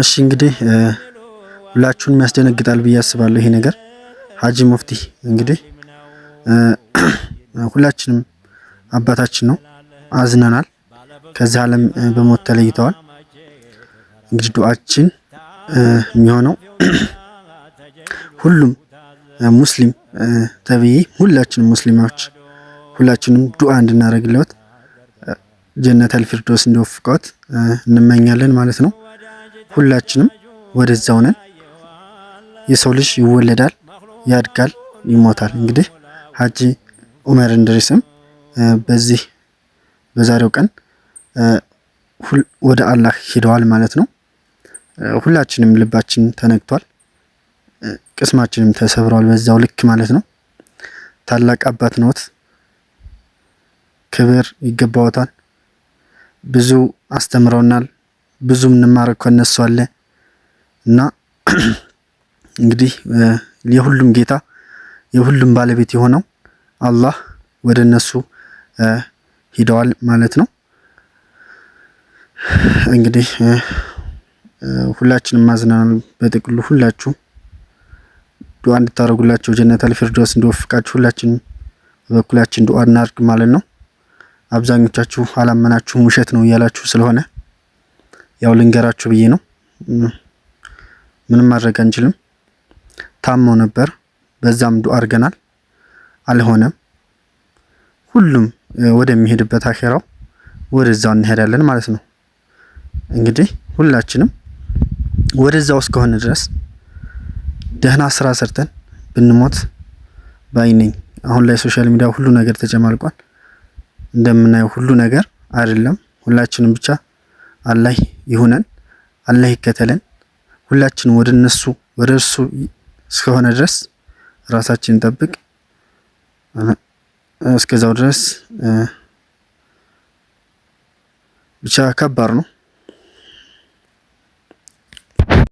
እሺ እንግዲህ ሁላችሁንም ያስደነግጣል ብዬ አስባለሁ ይሄ ነገር። ሀጂ ሙፍቲ እንግዲህ ሁላችንም አባታችን ነው፣ አዝነናል። ከዚህ ዓለም በሞት ተለይተዋል። እንግዲህ ዱዓችን የሚሆነው ሁሉም ሙስሊም ተብዬ ሁላችንም ሙስሊሞች ሁላችንም ዱዓ እንድናደርግለት ጀነት አልፊርዶስ እንዲወፍቀት እንመኛለን ማለት ነው። ሁላችንም ወደዛው ነን። የሰው ልጅ ይወለዳል፣ ያድጋል፣ ይሞታል። እንግዲህ ሀጂ ኡመር እንድሪስም በዚህ በዛሬው ቀን ወደ አላህ ሂደዋል ማለት ነው። ሁላችንም ልባችን ተነግቷል፣ ቅስማችንም ተሰብሯል በዛው ልክ ማለት ነው። ታላቅ አባት ነዎት፣ ክብር ይገባዎታል። ብዙ አስተምረውናል። ብዙ የምንማረው ከእነሱ አለ እና እንግዲህ የሁሉም ጌታ የሁሉም ባለቤት የሆነው አላህ ወደ እነሱ ሂደዋል ማለት ነው። እንግዲህ ሁላችንም ማዝናናል። በጥቅሉ ሁላችሁ ዱዓ እንድታደርጉላቸው ጀነት ፊርዶስ እንዲወፍቃችሁ ሁላችንም በበኩላችን ዱዓ እናድርግ ማለት ነው። አብዛኞቻችሁ አላመናችሁም ውሸት ነው እያላችሁ ስለሆነ ያው ልንገራችሁ ብዬ ነው። ምንም ማድረግ አንችልም። ታሞ ነበር፣ በዛም ዱ አድርገናል። አልሆነም። ሁሉም ወደሚሄድበት አኼራው ወደዛው እንሄዳለን ማለት ነው። እንግዲህ ሁላችንም ወደዛው እስከሆነ ድረስ ደህና ስራ ሰርተን ብንሞት ባይነኝ። አሁን ላይ ሶሻል ሚዲያ ሁሉ ነገር ተጨማልቋል። እንደምናየው ሁሉ ነገር አይደለም። ሁላችንም ብቻ አላይ ይሁነን፣ አላህ ይከተለን። ሁላችን ወደ እነሱ ወደ እርሱ እስከሆነ ድረስ ራሳችን ጠብቅ። እስከዛው ድረስ ብቻ ከባድ ነው።